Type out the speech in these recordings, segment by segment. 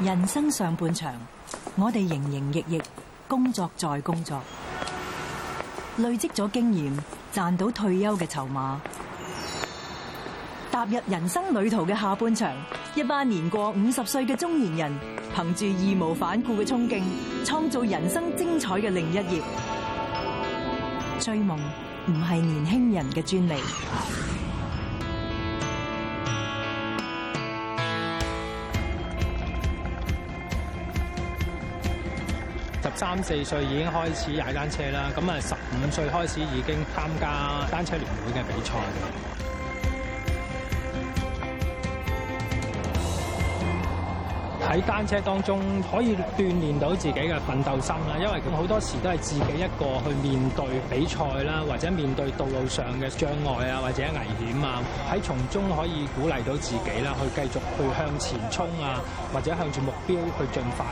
人生上半場，我哋營營役役，工作再工作，累積咗經驗，賺到退休嘅籌碼。踏入人生旅途嘅下半場，一班年過五十歲嘅中年人，憑住義無反顧嘅衝勁，創造人生精彩嘅另一頁。追夢唔係年輕人嘅專利。三四歲已經開始踩單車啦，咁啊十五歲開始已經參加單車聯會嘅比賽嘅。喺單車當中可以鍛煉到自己嘅奮鬥心啦，因為好多時都係自己一個去面對比賽啦，或者面對道路上嘅障礙啊，或者危險啊，喺從中可以鼓勵到自己啦，去繼續去向前衝啊，或者向住目標去進發。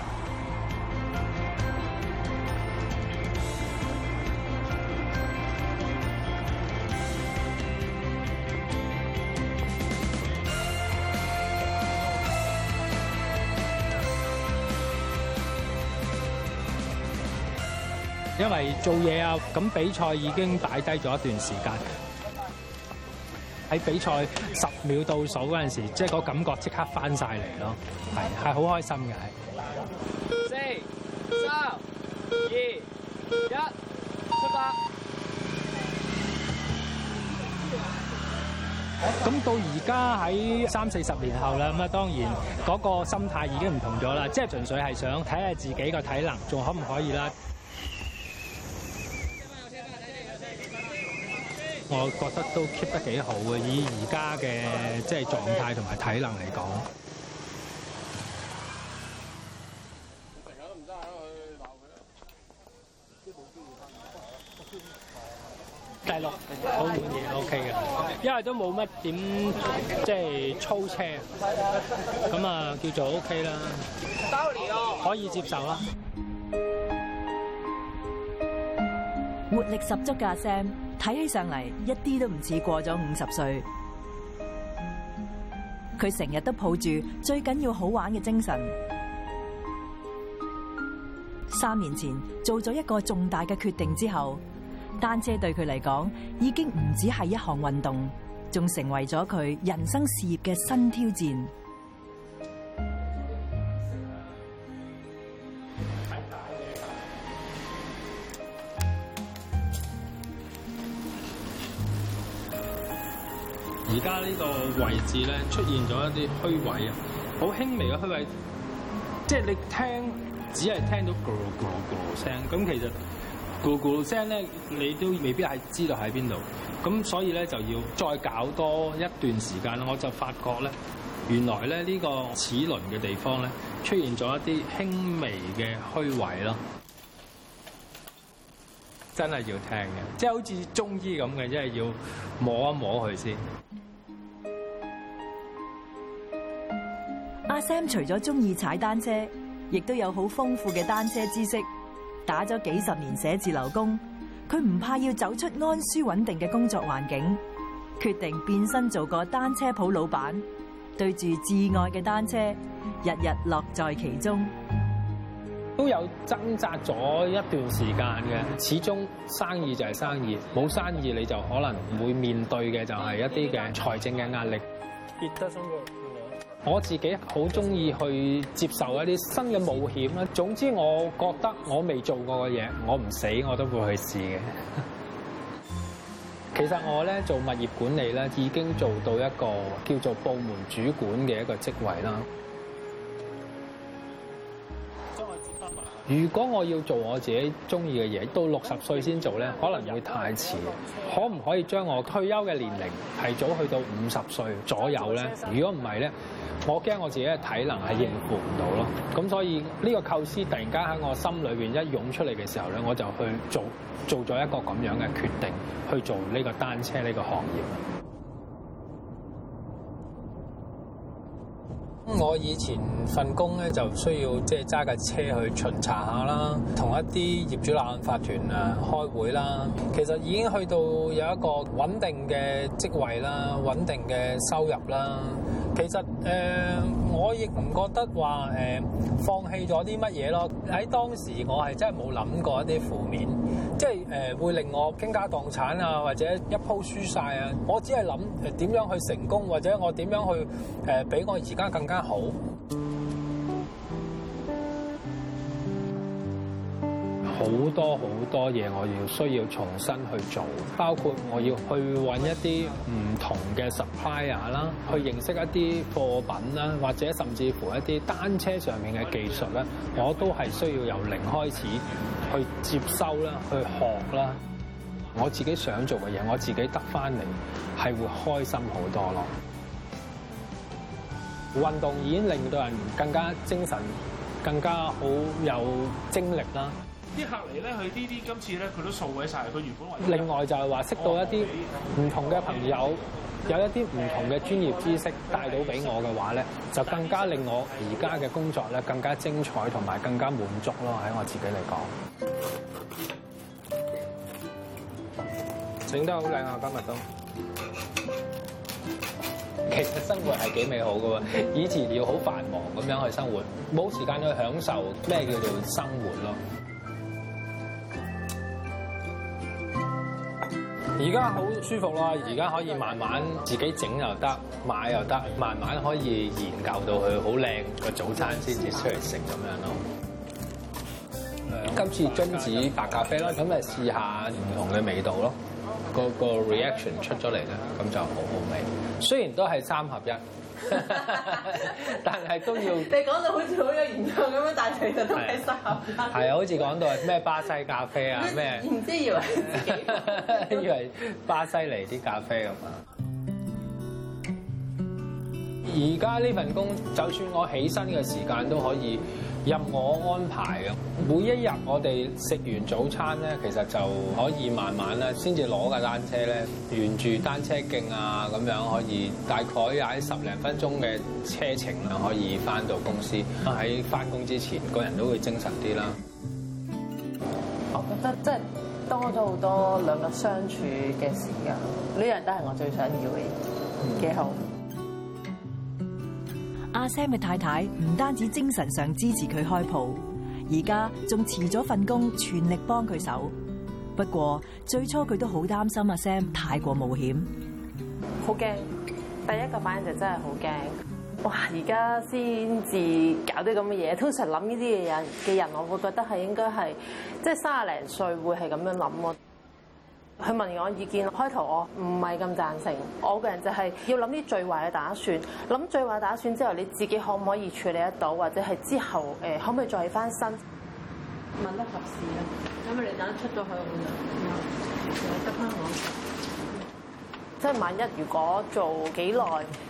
因為做嘢啊，咁比賽已經擺低咗一段時間。喺比賽十秒倒數嗰陣時，即係個感覺即刻翻晒嚟咯，係係好開心嘅。四、三、二、一，出發！咁到而家喺三四十年後啦，咁啊當然嗰個心態已經唔同咗啦，即係純粹係想睇下自己個體能仲可唔可以啦。我覺得都 keep 得幾好嘅，以而家嘅即係狀態同埋體能嚟講，第六好滿意 OK 嘅，因為都冇乜點即係操車，咁啊叫做 OK 啦，可以接受啦。活力十足嘅 Sam 睇起上嚟一啲都唔似過咗五十歲。佢成日都抱住最緊要好玩嘅精神。三年前做咗一個重大嘅決定之後，單車對佢嚟講已經唔止係一項運動，仲成為咗佢人生事業嘅新挑戰。而家呢個位置咧出現咗一啲虛位啊，好輕微嘅虛位，即係你聽只係聽到咕嚕咕嚕咕嚕聲，咁其實咕嚕咕嚕聲咧你都未必係知道喺邊度，咁所以咧就要再搞多一段時間。我就發覺咧，原來咧呢個齒輪嘅地方咧出現咗一啲輕微嘅虛位咯，真係要聽嘅，即係好似中醫咁嘅，即係要摸一摸佢先。阿 Sam 除咗中意踩單車，亦都有好豐富嘅單車知識。打咗幾十年寫字樓工，佢唔怕要走出安舒穩定嘅工作環境，決定變身做個單車鋪老闆，對住至愛嘅單車，日日樂在其中。都有掙扎咗一段時間嘅，始終生意就係生意，冇生意你就可能會面對嘅就係一啲嘅財政嘅壓力。我自己好中意去接受一啲新嘅冒險啦。總之，我覺得我未做過嘅嘢，我唔死我都會去試嘅。其實我呢做物業管理呢，已經做到一個叫做部門主管嘅一個職位啦。如果我要做我自己中意嘅嘢，到六十歲先做呢，可能會太遲。可唔可以將我退休嘅年齡提早去到五十歲左右呢？如果唔係呢，我驚我自己嘅體能係應付唔到咯。咁所以呢個構思突然間喺我心裏邊一湧出嚟嘅時候呢，我就去做做咗一個咁樣嘅決定，去做呢個單車呢個行業。咁我以前份工咧就需要即係揸架車去巡查下啦，同一啲業主立案法團啊開會啦。其實已經去到有一個穩定嘅職位啦，穩定嘅收入啦。其實誒，我亦唔覺得話誒放棄咗啲乜嘢咯。喺當時我係真係冇諗過一啲負面。即係誒會令我傾家蕩產啊，或者一鋪輸晒啊！我只係諗誒點樣去成功，或者我點樣去誒畀我而家更加好。好多好多嘢我要需要重新去做，包括我要去揾一啲唔同嘅 supplier 啦，去認識一啲貨品啦，或者甚至乎一啲單車上面嘅技術咧，我都係需要由零開始去接收啦，去學啦。我自己想做嘅嘢，我自己得翻嚟係會開心好多咯。運動已經令到人更加精神，更加好有精力啦。啲客嚟咧，佢呢啲今次咧，佢都掃位晒。佢原本為另外就係話識到一啲唔同嘅朋友，有一啲唔同嘅專業知識帶到俾我嘅話咧，就更加令我而家嘅工作咧，更加精彩同埋更加滿足咯。喺我自己嚟講，整得好靚啊！今日都其實生活係幾美好嘅，以前要好繁忙咁樣去生活，冇時間去享受咩叫做生活咯。而家好舒服啦，而家可以慢慢自己整又得，買又得，慢慢可以研究到佢好靚個早餐先至出嚟食咁樣咯。嗯、今次榛子白咖啡啦，咁咪試下唔同嘅味道咯，個個 reaction 出咗嚟咧，咁就好好味。雖然都係三合一。 但係都要，你講到好似好有研究咁樣，但係其實都係適合。係啊 好似講到係咩巴西咖啡啊咩，唔麼麼知道以為 以為巴西嚟啲咖啡咁啊。而家呢份工，就算我起身嘅時間都可以任我安排嘅。每一日我哋食完早餐咧，其實就可以慢慢啦，先至攞架單車咧，沿住單車徑啊咁樣可以大概喺十零分鐘嘅車程啊，可以翻到公司。喺翻工之前，個人都會精神啲啦。我覺得即係多咗好多兩個相處嘅時間，呢樣都係我最想要嘅嘢，幾好。阿 Sam 嘅太太唔單止精神上支持佢開鋪，而家仲辭咗份工，全力幫佢手。不過最初佢都好擔心阿 Sam 太過冒險，好驚。第一個反應就真係好驚。哇！而家先至搞啲咁嘅嘢，通常諗呢啲嘢嘅人，嘅人我會覺得係應該係即係三廿零歲會係咁樣諗咯。佢問我意見，開頭我唔係咁贊成，我個人就係要諗啲最壞嘅打算，諗最壞嘅打算之後，你自己可唔可以處理得到，或者係之後誒、呃、可唔可以再翻身？問得及時啦，因為你等出咗去我就，嗯、得翻我，即係萬一如果做幾耐，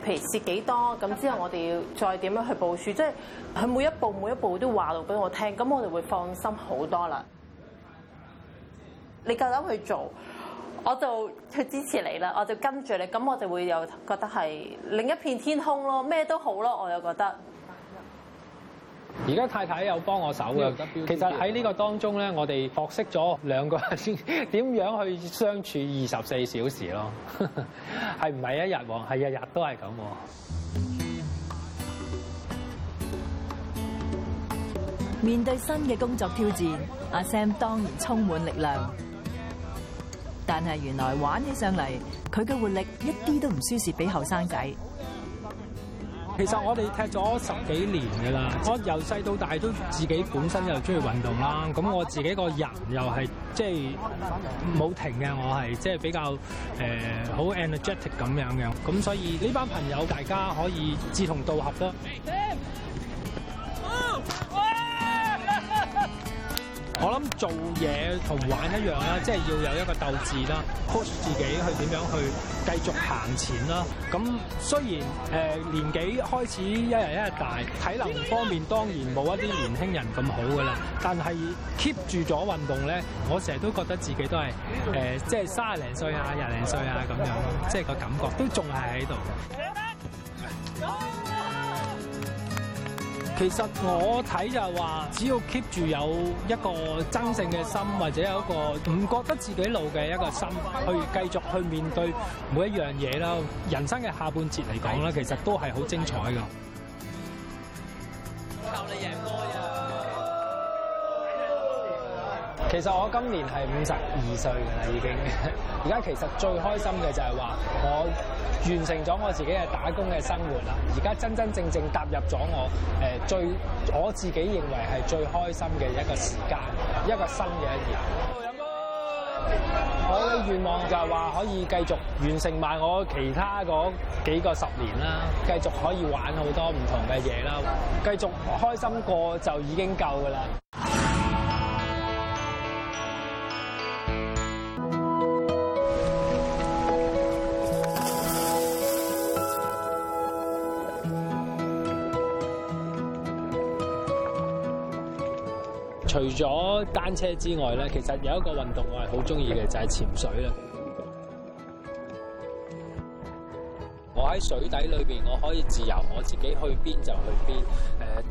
譬如蝕幾多，咁之後我哋要再點樣去部署，即係佢每一步每一步都話到俾我聽，咁我哋會放心好多啦。你夠膽去做？我就去支持你啦，我就跟住你，咁我就會有覺得係另一片天空咯，咩都好咯，我又覺得。而家太太有幫我手啊，在其實喺呢個當中咧，我哋學識咗兩個人先點樣去相處二十四小時咯，係唔係一日喎？係日日都係咁喎。面對新嘅工作挑戰，阿 Sam 當然充滿力量。但係原來玩起上嚟，佢嘅活力一啲都唔輸蝕俾後生仔。其實我哋踢咗十幾年㗎啦，我由細到大都自己本身又中意運動啦。咁我自己個人又係即係冇停嘅，我係即係比較誒好、呃、energetic 咁樣嘅。咁所以呢班朋友大家可以志同道合啦。我諗做嘢同玩一樣啦，即係要有一個鬥志啦，push 自己去點樣去繼續行前啦。咁雖然誒、呃、年紀開始一日一日大，體能方面當然冇一啲年輕人咁好噶啦，但係 keep 住咗運動咧，我成日都覺得自己都係誒、呃，即係卅零歲啊、廿零歲啊咁樣，即係個感覺都仲係喺度。其實我睇就係話，只要 keep 住有一個真正嘅心，或者有一個唔覺得自己老嘅一個心，去繼續去面對每一樣嘢啦。人生嘅下半截嚟講咧，其實都係好精彩㗎。靠你贏！其實我今年係五十二歲㗎啦，已經。而家其實最開心嘅就係話，我完成咗我自己嘅打工嘅生活啦。而家真真正正踏入咗我、呃、最我自己認為係最開心嘅一個時間，一個新嘅一年。我嘅願望就係話可以繼續完成埋我其他嗰幾個十年啦，繼續可以玩好多唔同嘅嘢啦，繼續開心過就已經夠㗎啦。除咗單車之外咧，其實有一個運動我係好中意嘅，就係、是、潛水啦。我喺水底裏邊，我可以自由，我自己去邊就去邊。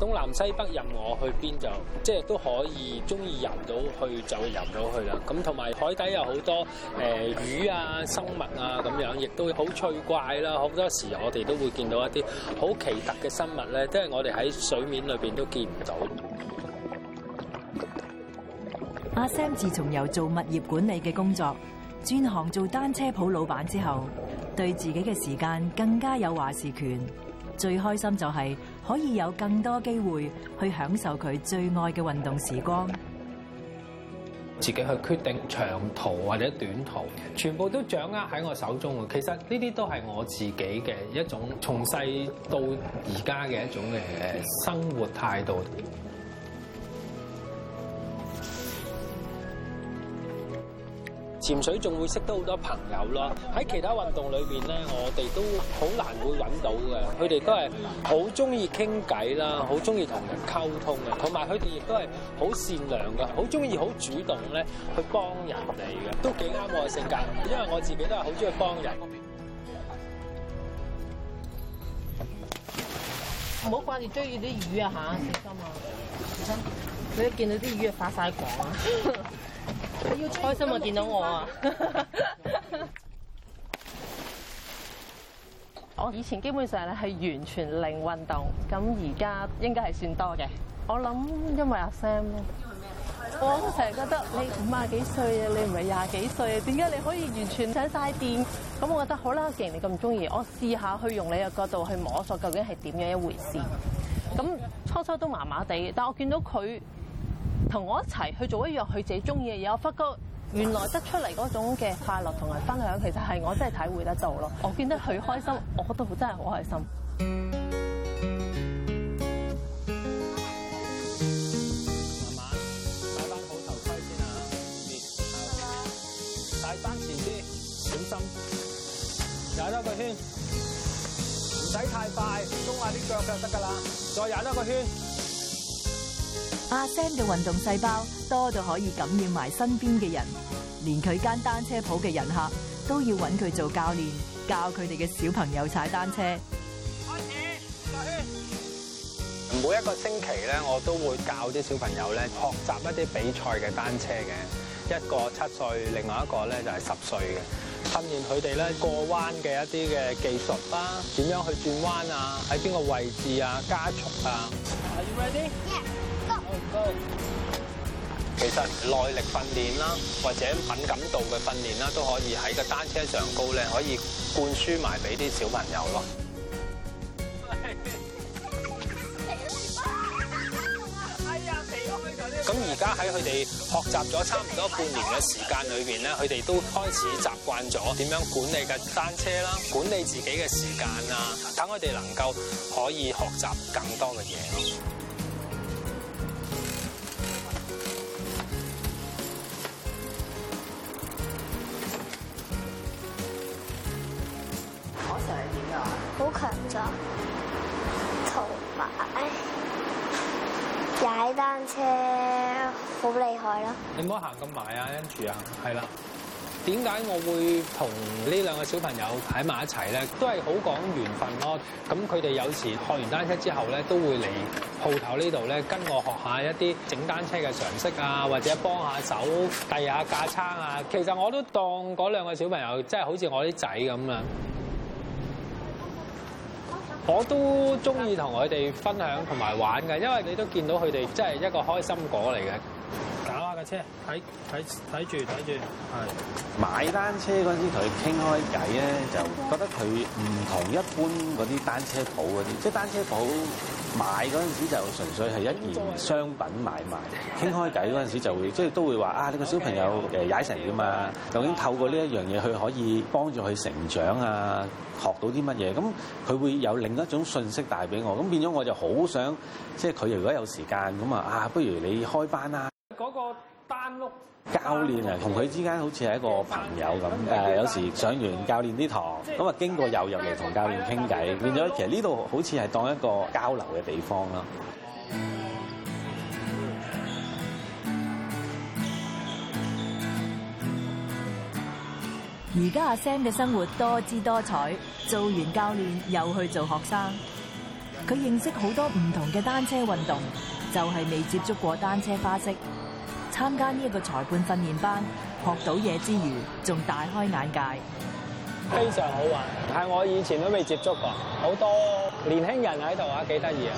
誒，東南西北任我去邊就，即係都可以，中意游到去就會游到去啦。咁同埋海底有好多誒、呃、魚啊、生物啊咁樣，亦都好趣怪啦。好多時我哋都會見到一啲好奇特嘅生物咧，都係我哋喺水面裏邊都見唔到。阿 Sam 自從由做物業管理嘅工作轉行做單車鋪老闆之後，對自己嘅時間更加有話事權。最開心就係可以有更多機會去享受佢最愛嘅運動時光。自己去決定長途或者短途，全部都掌握喺我手中。其實呢啲都係我自己嘅一種從細到而家嘅一種嘅生活態度。潛水仲會識到好多朋友咯，喺其他運動裏邊咧，我哋都好難會揾到嘅。佢哋都係好中意傾偈啦，好中意同人溝通嘅，同埋佢哋亦都係好善良嘅，好中意好主動咧去幫人哋嘅，都幾啱我嘅性格，因為我自己都係好中意幫人。唔好掛住追住啲魚啊！嚇，小心啊！小心！你一見到啲魚啊，發曬狂啊！你要開心啊！見到我啊！ 我以前基本上咧係完全零運動，咁而家應該係算多嘅。我諗因為阿 Sam 咧，我成日覺得你五十幾歲啊，你唔係廿幾歲啊？點解你可以完全睇晒電？咁我覺得好啦，既然你咁中意，我試下去用你嘅角度去摸索究竟係點樣一回事。咁初初都麻麻地，但我見到佢。同我一齊去做一樣佢自己中意嘅嘢，我發覺原來得出嚟嗰種嘅快樂同埋分享，其實係我真係體會得到咯。我見得佢開心，我覺得真係好開心。慢慢戴翻好頭盔先啊！大班前啲，小心踩多個圈，唔使太快，鬆下啲腳腳就得㗎啦。再踩多個圈。阿 Sam 嘅運動細胞多到可以感染埋身邊嘅人，連佢間單車鋪嘅人客都要揾佢做教練，教佢哋嘅小朋友踩單車。開始，大圈。每一個星期咧，我都會教啲小朋友咧，學習一啲比賽嘅單車嘅。一個七歲，另外一個咧就係十歲嘅，訓練佢哋咧過彎嘅一啲嘅技術啦，點樣去轉彎啊，喺邊個位置啊，加速啊。Are you ready? Yeah. 其實耐力訓練啦，或者敏感度嘅訓練啦，都可以喺個單車上高咧，可以灌輸埋俾啲小朋友咯。咁而家喺佢哋學習咗差唔多半年嘅時間裏邊咧，佢哋都開始習慣咗點樣管理個單車啦，管理自己嘅時間啊，等佢哋能夠可以學習更多嘅嘢咯。單車好厲害啦！你唔好行咁埋啊 Andrew 啊，係啦。點解我會同呢兩個小朋友喺埋一齊咧？都係好講緣分咯，啊。咁佢哋有時學完單車之後咧，都會嚟鋪頭呢度咧，跟我學一下一啲整單車嘅常識啊，或者幫下手遞下架撐啊。其實我都當嗰兩個小朋友即係好似我啲仔咁啊。我都中意同佢哋分享同埋玩嘅，因為你都見到佢哋真係一個開心果嚟嘅。搞下架車，睇睇睇住睇住，係買單車嗰陣時同佢傾開偈咧，就覺得佢唔同一般嗰啲單車鋪嗰啲，即係單車鋪。買嗰陣時就純粹係一件商品買賣，傾開偈嗰陣時就會即係、就是、都會話啊！呢個小朋友誒踩成㗎嘛，究竟透過呢一樣嘢去可以幫助佢成長啊，學到啲乜嘢？咁佢會有另一種信息帶俾我，咁變咗我就好想即係佢如果有時間咁啊啊，不如你開班啦！嗰個單屋。教練啊，同佢之間好似係一個朋友咁，誒，有時上完教練啲堂，咁啊經過又入嚟同教練傾偈，變咗其實呢度好似係當一個交流嘅地方啦。而家阿 Sam 嘅生活多姿多彩，做完教練又去做學生，佢認識好多唔同嘅單車運動，就係未接觸過單車花式。參加呢一個裁判訓練班，學到嘢之餘，仲大開眼界，非常好玩。但我以前都未接觸過，好多年輕人喺度啊，幾得意啊！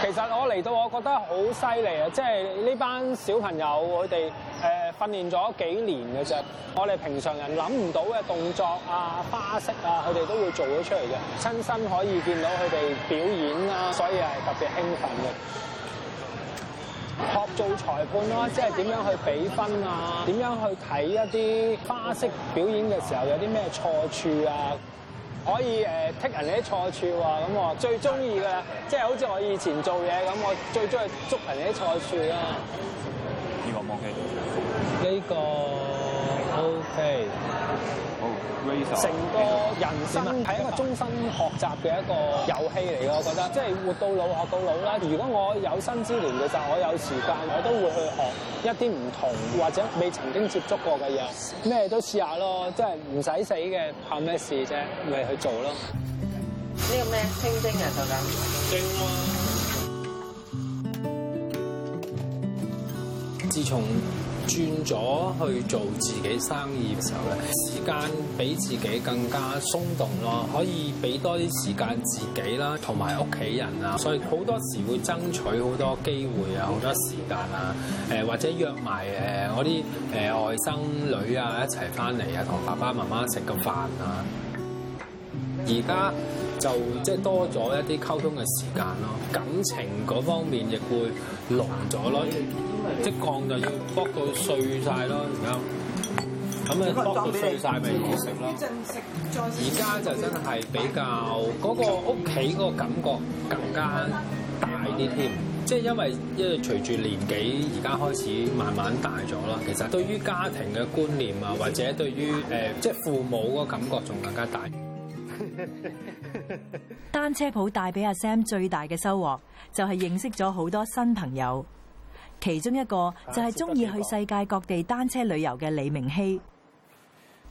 其實我嚟到，我覺得好犀利啊！即係呢班小朋友，佢哋誒訓練咗幾年嘅啫，我哋平常人諗唔到嘅動作啊、花式啊，佢哋都會做咗出嚟嘅，親身可以見到佢哋表演啊，所以係特別興奮嘅。學做裁判咯，即係點樣去比分啊？點樣去睇一啲花式表演嘅時候有啲咩錯處啊？可以誒剔人哋啲錯處啊。咁我最中意嘅，即係好似我以前做嘢咁，我最中意捉人哋啲錯處啊。呢個 OK，呢個 OK。成個人生係一個終身學習嘅一個遊戲嚟㗎，我覺得。即係活到老學到老啦。如果我有生之年嘅時候，我有時間，我都會去學一啲唔同或者未曾經接觸過嘅嘢。咩都試下咯，即係唔使死嘅，怕咩事啫？咪去做咯。呢個咩？清蒸嘅就咁。蒸喎。啊、自從，轉咗去做自己生意嘅時候咧，時間比自己更加鬆動咯，可以俾多啲時間自己啦，同埋屋企人啊，所以好多時會爭取好多機會啊，好多時間啊，誒或者約埋誒我啲誒外甥女啊一齊翻嚟啊，同爸爸媽媽食個飯啊，而家。就即係多咗一啲溝通嘅時間咯，感情嗰方面亦會濃咗咯，即係講就要幫到碎晒咯，而家咁啊幫到碎晒咪好食咯。而家就真係比較嗰個屋企嗰個感覺更加大啲添，即係因為因為隨住年紀而家開始慢慢大咗啦，其實對於家庭嘅觀念啊，或者對於誒即係父母嗰個感覺仲更加大。單車鋪帶俾阿 Sam 最大嘅收穫就係認識咗好多新朋友，其中一個就係中意去世界各地單車旅遊嘅李明熙。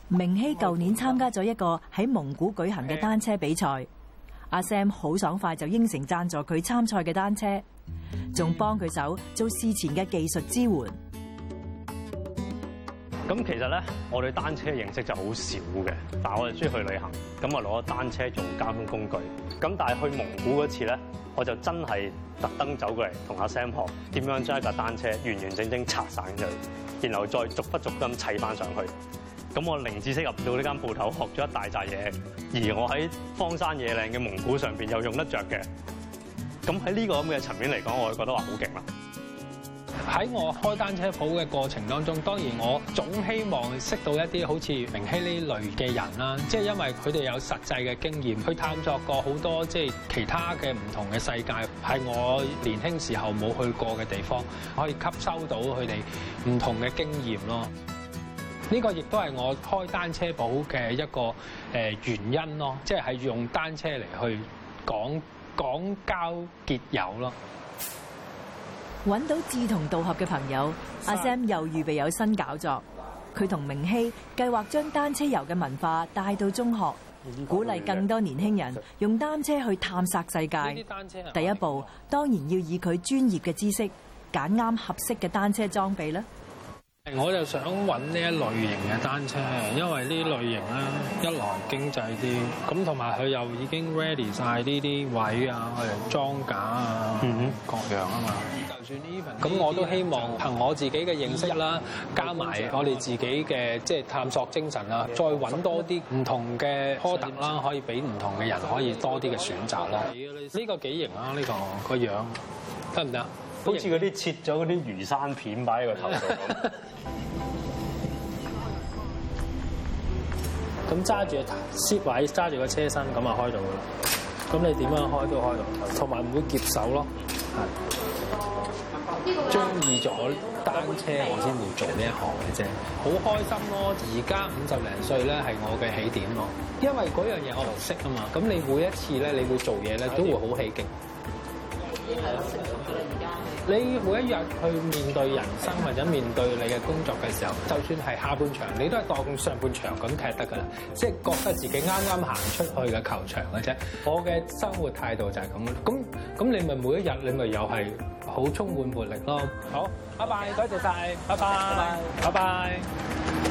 明熙舊年參加咗一個喺蒙古舉行嘅單車比賽，阿 Sam 好爽快就應承贊，贊助佢參賽嘅單車，仲幫佢手做事前嘅技術支援。咁其實咧，我對單車認識就好少嘅，但我係中意去旅行，咁啊攞單車做交通工具。咁但係去蒙古嗰次咧，我就真係特登走過嚟同阿 Sam 學點樣將一架單車完完整整拆散咗，然後再逐筆逐咁砌翻上去。咁我零知識入到呢間鋪頭，學咗一大扎嘢，而我喺荒山野嶺嘅蒙古上邊又用得着嘅。咁喺呢個咁嘅層面嚟講，我就覺得話好勁啦。喺我開單車舖嘅過程當中，當然我總希望識到一啲好似明熙呢類嘅人啦，即係因為佢哋有實際嘅經驗，去探索過好多即係其他嘅唔同嘅世界，係我年輕時候冇去過嘅地方，可以吸收到佢哋唔同嘅經驗咯。呢、呢個亦都係我開單車舖嘅一個誒原因咯，即係用單車嚟去廣廣交結友咯。揾到志同道合嘅朋友，阿 3. Sam 又預備有新搞作。佢同明熙計劃將單車遊嘅文化帶到中學，鼓勵更多年輕人用單車去探索世界。第一步當然要以佢專業嘅知識揀啱合，合適嘅單車裝備啦。我就想揾呢一類型嘅單車，因為呢類型咧一來經濟啲，咁同埋佢又已經 ready 晒呢啲位啊，裝架啊，嗯、各樣啊嘛。就算呢份，咁我都希望憑我自己嘅認識啦，加埋我哋自己嘅即係探索精神啊，再揾多啲唔同嘅科特啦，可以俾唔同嘅人可以多啲嘅選擇啦。呢個幾型啊，呢、呢個個樣得唔得？行不行？好似嗰啲切咗嗰啲魚生片擺喺個頭度咁，揸住個蝕位，揸住個車身，咁啊開到啦。咁你點樣開都開到，同埋唔會結手咯。中意咗單車，我先會做呢一行嘅啫。好開心咯！而家五十零歲咧，係我嘅起點咯。因為嗰樣嘢我唔識啊嘛，咁你每一次咧，你會做嘢咧，都會好起勁。對對你每一日去面對人生或者面對你嘅工作嘅時候，就算係下半場，你都係當上半場咁踢得噶啦，即係覺得自己啱啱行出去嘅球場嘅啫。我嘅生活態度就係咁啦。咁咁你咪每一日你咪又係好充滿活力咯。好，拜拜，多謝晒，拜拜，拜拜。